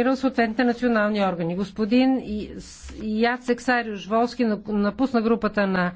информирал съответните национални органи. Господин Яцек Сариуш Волски напусна групата на